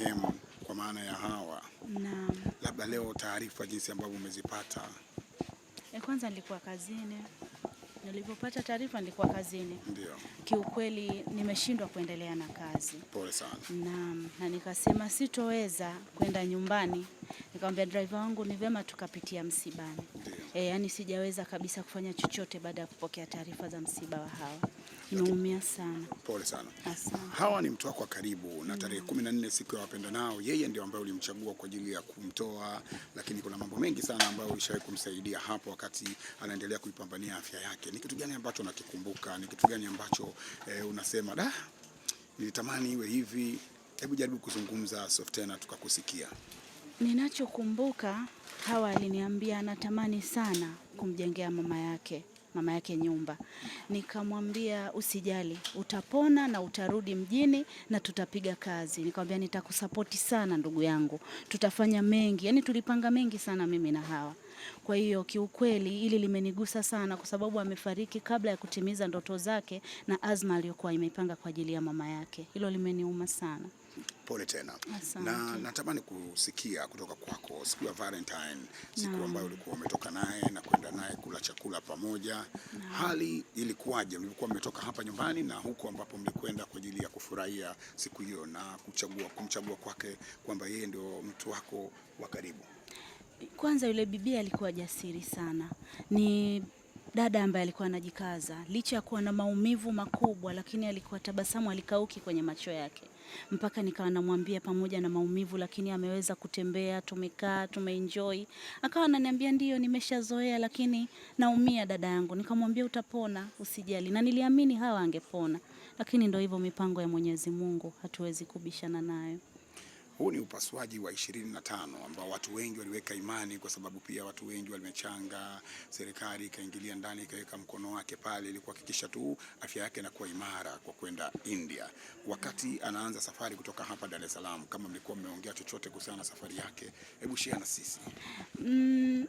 marehemu kwa maana ya Hawa. Naam. Labda leo taarifa jinsi ambavyo umezipata. Ya kwanza nilikuwa kazini, nilipopata taarifa nilikuwa kazini. Ndio. Kiukweli nimeshindwa kuendelea na kazi. Pole sana. Naam, na nikasema sitoweza kwenda nyumbani, nikamwambia driver wangu ni vema tukapitia msibani. Ndio. E, yani sijaweza kabisa kufanya chochote baada ya kupokea taarifa za msiba wa Hawa. Naumia sana. Pole sana. Asante. Hawa ni mtu wako wa karibu na tarehe kumi na nne siku ya nao yeye ndio ambaye ulimchagua kwa ajili ya kumtoa, lakini kuna mambo mengi sana ambayo ulishawahi kumsaidia hapo wakati anaendelea kuipambania afya yake. Ni kitu gani ambacho unakikumbuka? Ni kitu gani ambacho eh, unasema da, nilitamani iwe hivi? Hebu jaribu kuzungumza Softena tukakusikia. Ninachokumbuka, Hawa aliniambia anatamani sana kumjengea mama yake mama yake nyumba. Nikamwambia usijali, utapona na utarudi mjini na tutapiga kazi. Nikamwambia nitakusapoti sana ndugu yangu, tutafanya mengi, yaani tulipanga mengi sana mimi na Hawa. Kwa hiyo kiukweli hili limenigusa sana, kwa sababu amefariki kabla ya kutimiza ndoto zake na azma aliyokuwa imeipanga kwa ajili ya mama yake. Hilo limeniuma sana. Pole tena. Asante. Na natamani kusikia kutoka kwako siku ya Valentine, siku ambayo ulikuwa umetoka naye na kwenda naye kula chakula pamoja na. Hali ilikuwaje mlikuwa mmetoka hapa nyumbani na huko ambapo mlikwenda kwa ajili ya kufurahia siku hiyo na kuchagua kumchagua kwake kwamba yeye ndio mtu wako wa karibu? Kwanza yule bibi alikuwa jasiri sana, ni dada ambaye alikuwa anajikaza licha ya kuwa na maumivu makubwa, lakini alikuwa tabasamu alikauki kwenye macho yake, mpaka nikawa namwambia pamoja na maumivu, lakini ameweza kutembea, tumekaa tumeenjoy. Akawa ananiambia ndio nimeshazoea lakini naumia dada yangu. Nikamwambia utapona, usijali, na niliamini hawa angepona, lakini ndo hivyo, mipango ya Mwenyezi Mungu hatuwezi kubishana nayo. Huu ni upasuaji wa 25 ambao watu wengi waliweka imani, kwa sababu pia watu wengi walimechanga, serikali ikaingilia ndani ikaweka mkono wake pale ili kuhakikisha tu afya yake inakuwa imara kwa kwenda India. Wakati anaanza safari kutoka hapa Dar es Salaam, kama mlikuwa mmeongea chochote kuhusiana na safari yake, hebu share na sisi. Mm,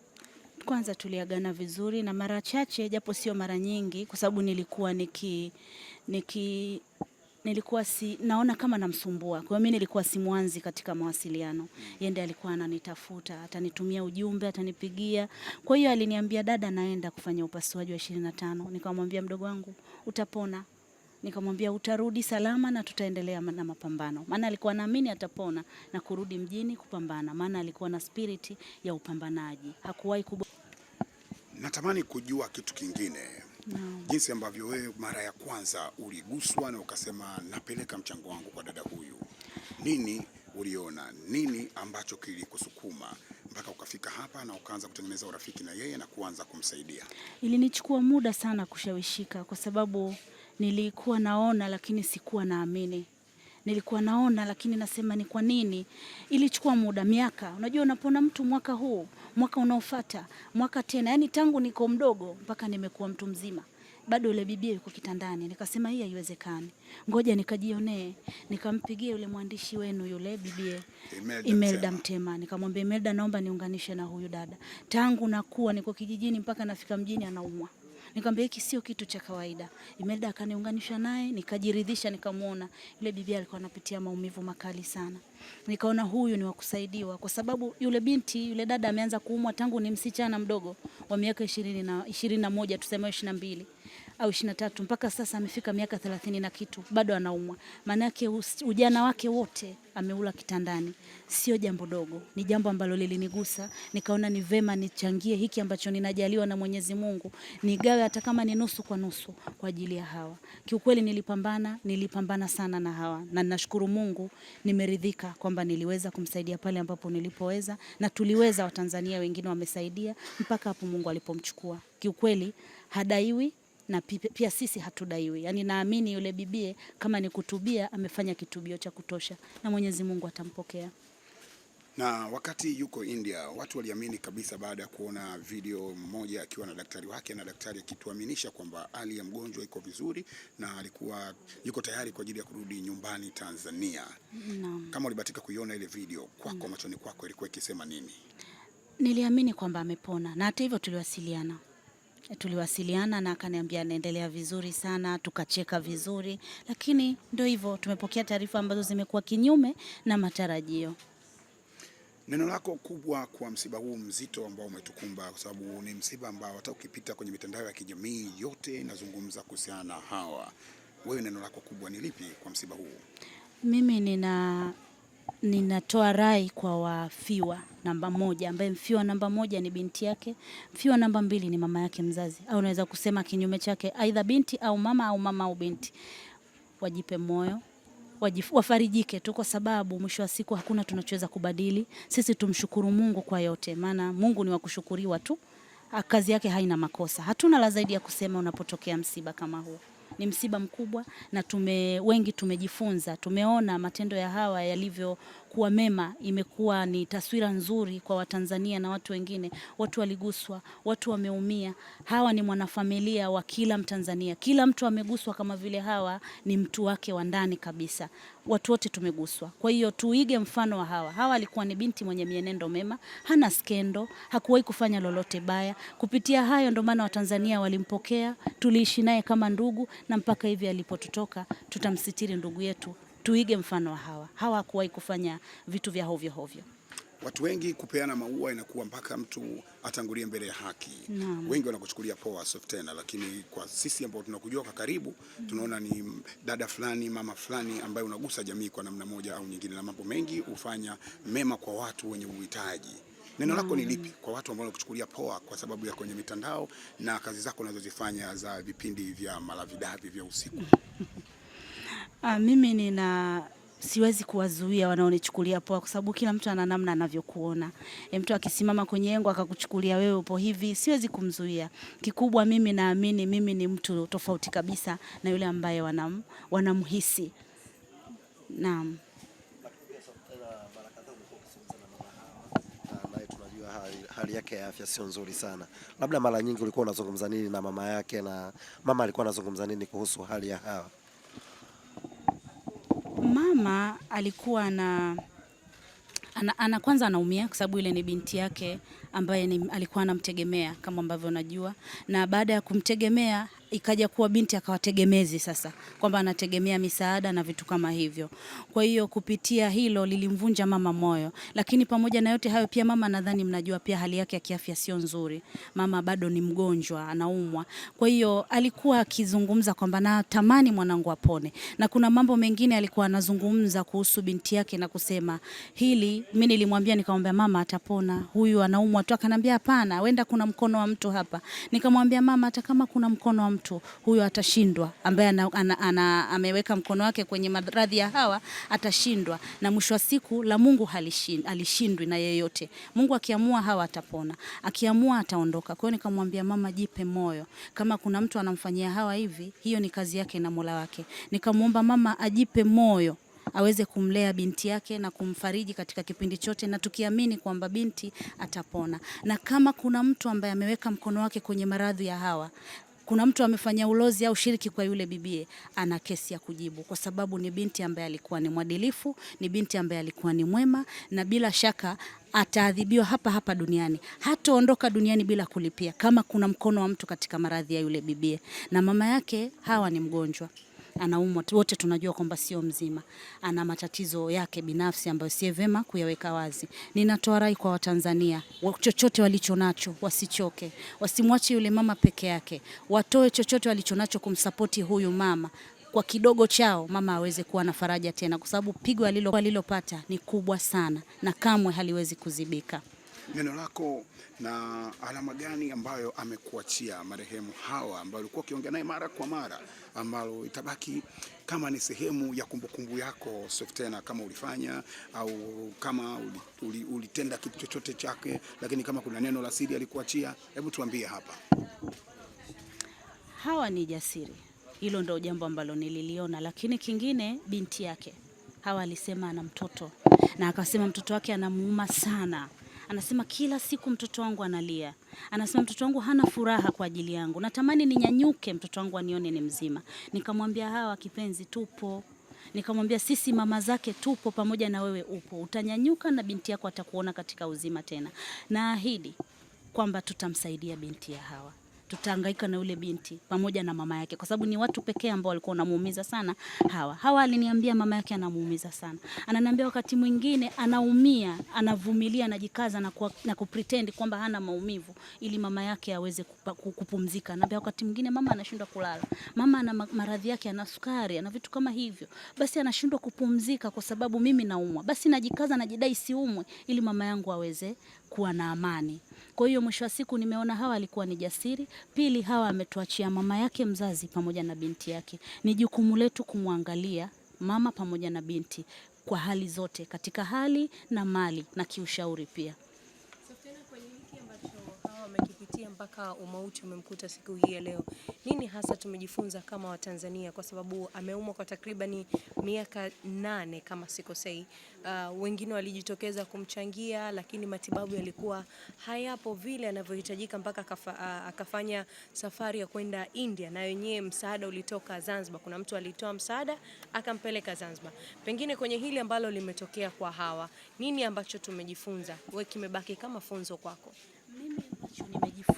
kwanza tuliagana vizuri na mara chache, japo sio mara nyingi, kwa sababu nilikuwa niki niki nilikuwa si naona kama namsumbua, kwa hiyo mimi nilikuwa mwanzi katika mawasiliano. Yeye ndiye alikuwa ananitafuta, atanitumia ujumbe, atanipigia. Kwa hiyo aliniambia, dada, naenda kufanya upasuaji wa 25. Nikamwambia, mdogo wangu utapona nikamwambia utarudi salama na tutaendelea na mapambano, maana alikuwa naamini atapona na kurudi mjini kupambana, maana alikuwa na spiriti ya upambanaji, hakuwahi kub... Natamani kujua kitu kingine no. jinsi ambavyo wewe mara ya kwanza uliguswa na ukasema napeleka mchango wangu kwa dada huyu, nini uliona, nini ambacho kilikusukuma mpaka ukafika hapa na ukaanza kutengeneza urafiki na yeye na kuanza kumsaidia? Ilinichukua muda sana kushawishika, kwa sababu nilikuwa naona, lakini sikuwa naamini nilikuwa naona, lakini nasema ni kwa nini ilichukua muda miaka. Unajua, unapona mtu mwaka huu, mwaka unaofuata, mwaka tena, yani tangu niko mdogo mpaka nimekuwa mtu mzima bado yule bibia yuko kitandani. Nikasema hii haiwezekani, ngoja nikajionee. Nikampigia yule mwandishi wenu yule bibie Imelda Mtema, nikamwambia Imelda, naomba niunganishe na huyu dada, tangu nakuwa niko kijijini mpaka nafika mjini anaumwa Nikamwambia hiki sio kitu cha kawaida. Imelda akaniunganisha naye, nikajiridhisha, nikamuona yule bibi alikuwa anapitia maumivu makali sana. Nikaona huyu ni wakusaidiwa kwa sababu yule binti, yule dada ameanza kuumwa tangu ni msichana mdogo wa miaka ishirini na moja tuseme ishirini na mbili au tatu mpaka sasa amefika miaka thelathini na kitu bado anaumwa. Maana yake ujana wake wote ameula kitandani. Sio jambo dogo, ni jambo ambalo lilinigusa, nikaona ni vema nichangie hiki ambacho ninajaliwa na Mwenyezi Mungu, nigawe hata kama ni nusu kwa nusu kwa ajili ya hawa. Kiukweli nilipambana, nilipambana sana na hawa, na ninashukuru Mungu nimeridhika kwamba niliweza kumsaidia pale ambapo nilipoweza, na tuliweza, Watanzania wengine wamesaidia mpaka hapo Mungu alipomchukua. Kiukweli hadaiwi na pia sisi hatudaiwi. yaani naamini yule bibie kama ni kutubia, amefanya kitubio cha kutosha na Mwenyezi Mungu atampokea. Na wakati yuko India, watu waliamini kabisa baada ya kuona video mmoja akiwa na daktari wake na daktari akituaminisha kwamba hali ya mgonjwa iko vizuri na alikuwa yuko tayari kwa ajili ya kurudi nyumbani Tanzania. Naam. Kama ulibahatika kuiona ile video kwako, mm. machoni kwako ilikuwa ikisema nini? Niliamini kwamba amepona na hata hivyo tuliwasiliana tuliwasiliana na akaniambia anaendelea vizuri sana, tukacheka vizuri, lakini ndio hivyo, tumepokea taarifa ambazo zimekuwa kinyume na matarajio. Neno lako kubwa kwa msiba huu mzito ambao umetukumba, kwa sababu ni msiba ambao hata ukipita kwenye mitandao ya kijamii yote inazungumza kuhusiana na hawa, wewe neno lako kubwa ni lipi kwa msiba huu? Mimi nina ninatoa rai kwa wafiwa namba moja, ambaye mfiwa namba moja ni binti yake, mfiwa namba mbili ni mama yake mzazi, au naweza kusema kinyume chake, aidha binti au mama au mama au binti. Wajipe moyo wajif, wafarijike tu, kwa sababu mwisho wa siku hakuna tunachoweza kubadili. Sisi tumshukuru Mungu kwa yote, maana Mungu ni wa kushukuriwa tu, kazi yake haina makosa. Hatuna la zaidi ya kusema unapotokea msiba kama huu ni msiba mkubwa, na tume wengi tumejifunza, tumeona matendo ya Hawa yalivyokuwa mema. Imekuwa ni taswira nzuri kwa Watanzania na watu wengine. Watu waliguswa, watu wameumia. Hawa ni mwanafamilia wa kila Mtanzania, kila mtu ameguswa, kama vile Hawa ni mtu wake wa ndani kabisa watu wote tumeguswa. Kwa hiyo tuige mfano wa Hawa. Hawa alikuwa ni binti mwenye mienendo mema, hana skendo, hakuwahi kufanya lolote baya. Kupitia hayo ndio maana Watanzania walimpokea, tuliishi naye kama ndugu, na mpaka hivi alipotutoka, tutamsitiri ndugu yetu. Tuige mfano wa Hawa. Hawa hakuwahi kufanya vitu vya hovyo hovyo. Watu wengi kupeana maua inakuwa mpaka mtu atangulie mbele ya haki Naam. Wengi wanakuchukulia poa soft tena, lakini kwa sisi ambao tunakujua kwa karibu mm. Tunaona ni dada fulani, mama fulani ambaye unagusa jamii kwa namna moja au nyingine, na mambo mengi hufanya mema kwa watu wenye uhitaji. Neno lako ni lipi kwa watu ambao wanakuchukulia poa kwa sababu ya kwenye mitandao na kazi zako unazozifanya za vipindi vya malavidavi vya usiku? Ah, mimi nina siwezi kuwazuia wanaonichukulia poa, kwa sababu kila mtu ana namna anavyokuona. E, mtu akisimama kwenye engo akakuchukulia wewe upo hivi, siwezi kumzuia. Kikubwa mimi naamini mimi ni mtu tofauti kabisa na yule ambaye wanam, wanamhisi. Naam. hali yake ya afya sio nzuri sana. Labda mara nyingi ulikuwa unazungumza nini na mama yake, na mama alikuwa anazungumza nini kuhusu hali ya Hawa? mama alikuwa na ana, ana kwanza anaumia kwa sababu ile ni binti yake ambaye ni, alikuwa anamtegemea kama ambavyo unajua, na baada ya kumtegemea ikaja kuwa binti akawategemezi sasa, kwamba anategemea misaada na vitu kama hivyo. Kwa hiyo kupitia hilo lilimvunja mama moyo, lakini pamoja na yote hayo pia mama, nadhani mnajua pia hali yake ya kiafya sio nzuri. Mama bado ni mgonjwa, anaumwa. Kwa hiyo alikuwa akizungumza kwamba natamani mwanangu apone, na kuna mambo mengine alikuwa anazungumza kuhusu binti yake na kusema hili. Mimi nilimwambia nikamwambia, mama atapona, huyu anaumwa tu. Akanambia hapana, wenda kuna mkono wa mtu hapa. Nikamwambia mama, hata kama kuna mkono wa mtu mtu huyo atashindwa, ambaye ana, ana, ana, ameweka mkono wake kwenye maradhi ya hawa atashindwa, na mwisho wa siku la Mungu halishin, alishindwi na yeyote. Mungu akiamua hawa atapona, akiamua ataondoka. Kwa hiyo nikamwambia mama, jipe moyo, kama kuna mtu anamfanyia hawa hivi, hiyo ni kazi yake na Mola wake. Nikamwomba mama ajipe moyo aweze kumlea binti yake na kumfariji katika kipindi chote, na tukiamini kwamba binti atapona, na kama kuna mtu ambaye ameweka mkono wake kwenye maradhi ya hawa kuna mtu amefanya ulozi au shiriki kwa yule bibie, ana kesi ya kujibu, kwa sababu ni binti ambaye alikuwa ni mwadilifu, ni binti ambaye alikuwa ni mwema, na bila shaka ataadhibiwa hapa hapa duniani, hataondoka duniani bila kulipia, kama kuna mkono wa mtu katika maradhi ya yule bibie. Na mama yake Hawa ni mgonjwa anaumwa, wote tunajua kwamba sio mzima, ana matatizo yake binafsi ambayo si vema kuyaweka wazi. Ninatoa rai kwa Watanzania, chochote walicho nacho wasichoke, wasimwache yule mama peke yake, watoe chochote walicho nacho kumsapoti huyu mama kwa kidogo chao mama aweze kuwa na faraja tena, kwa sababu pigo alilopata ni kubwa sana na kamwe haliwezi kuzibika neno lako na alama gani ambayo amekuachia marehemu Hawa, ambayo ulikuwa ukiongea naye mara kwa mara, ambalo itabaki kama ni sehemu ya kumbukumbu yako, sio tena kama ulifanya au kama ulitenda kitu chochote chake, lakini kama kuna neno la siri alikuachia, hebu tuambie hapa. Hawa ni jasiri, hilo ndo jambo ambalo nililiona, lakini kingine, binti yake Hawa alisema ana mtoto na akasema mtoto wake anamuuma sana Anasema kila siku mtoto wangu analia, anasema mtoto wangu hana furaha kwa ajili yangu, natamani ninyanyuke, mtoto wangu anione ni mzima. Nikamwambia Hawa kipenzi, tupo nikamwambia sisi mama zake tupo pamoja na wewe, upo utanyanyuka, na binti yako atakuona katika uzima tena. Naahidi kwamba tutamsaidia binti ya Hawa tutahangaika na yule binti pamoja na mama yake, kwa sababu ni watu pekee ambao walikuwa wanamuumiza sana. Hawa hawa aliniambia mama yake anamuumiza sana, ananiambia wakati mwingine anaumia, anavumilia, anajikaza na, kwa, na kupretend kwamba hana maumivu ili mama yake aweze kupumzika. Anambia wakati mwingine mama anashindwa kulala, mama ana maradhi yake, ana sukari, ana vitu kama hivyo, basi anashindwa kupumzika kwa sababu mimi naumwa, basi najikaza, najidai siumwe ili mama yangu aweze kuwa na amani. Kwa hiyo mwisho wa siku nimeona Hawa alikuwa ni jasiri. Pili, Hawa ametuachia mama yake mzazi pamoja na binti yake. Ni jukumu letu kumwangalia mama pamoja na binti kwa hali zote, katika hali na mali na kiushauri pia. mpaka umauti umemkuta siku hii ya leo. Nini hasa tumejifunza kama Watanzania, kwa sababu ameumwa kwa takribani miaka nane kama sikosei. Uh, wengine walijitokeza kumchangia, lakini matibabu yalikuwa hayapo vile anavyohitajika mpaka kafa, uh, akafanya safari ya kwenda India, na wenyewe msaada ulitoka Zanzibar. Kuna mtu alitoa msaada akampeleka Zanzibar. Pengine kwenye hili ambalo limetokea kwa hawa, nini ambacho tumejifunza, Wewe kimebaki kama funzo kwako? Mimi ambacho nimejifunza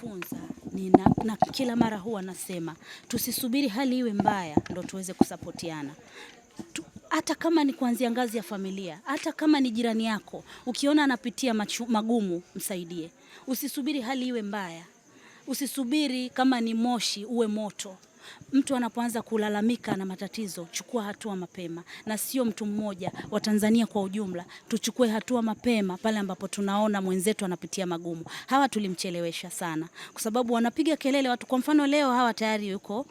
ni na, na kila mara huwa nasema tusisubiri hali iwe mbaya ndo tuweze kusapotiana tu, hata kama ni kuanzia ngazi ya familia, hata kama ni jirani yako, ukiona anapitia machu, magumu msaidie. Usisubiri hali iwe mbaya, usisubiri kama ni moshi uwe moto mtu anapoanza kulalamika na matatizo, chukua hatua mapema, na sio mtu mmoja. Watanzania kwa ujumla tuchukue hatua mapema pale ambapo tunaona mwenzetu anapitia magumu. Hawa tulimchelewesha sana, kwa sababu wanapiga kelele watu. Kwa mfano leo hawa tayari yuko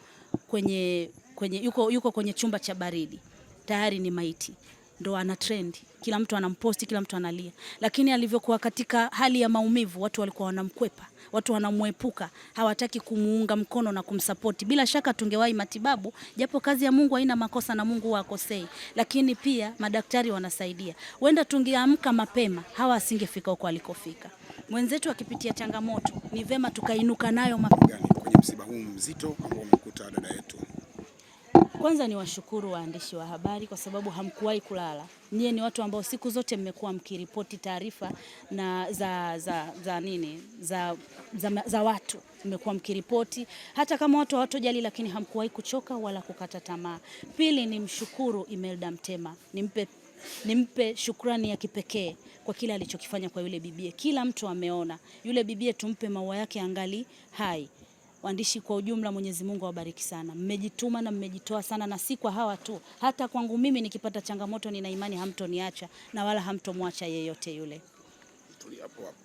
kwenye, kwenye, yuko, yuko kwenye chumba cha baridi tayari ni maiti ndo ana trend, kila mtu anamposti, kila mtu analia. Lakini alivyokuwa katika hali ya maumivu, watu walikuwa wanamkwepa, watu wanamwepuka, hawataki kumuunga mkono na kumsapoti. Bila shaka tungewahi matibabu, japo kazi ya Mungu haina makosa na Mungu hakosei, lakini pia madaktari wanasaidia. Wenda tungeamka mapema, hawa asingefika huko alikofika. Mwenzetu akipitia changamoto, ni vema tukainuka nayo mapema. Kwenye msiba huu mzito ambao umekuta dada yetu kwanza ni washukuru waandishi wa habari kwa sababu hamkuwahi kulala. Nyie ni watu ambao siku zote mmekuwa mkiripoti taarifa na za, za, za nini za, za, za watu mmekuwa mkiripoti, hata kama watu hawatojali, lakini hamkuwahi kuchoka wala kukata tamaa. Pili ni mshukuru Imelda Mtema, nimpe nimpe shukrani ya kipekee kwa kile alichokifanya kwa yule bibie. Kila mtu ameona yule bibie, tumpe maua yake angali hai. Waandishi kwa ujumla, Mwenyezi Mungu awabariki sana, mmejituma na mmejitoa sana, na si kwa hawa tu, hata kwangu mimi nikipata changamoto, nina imani hamtoniacha na wala hamtomwacha yeyote yule.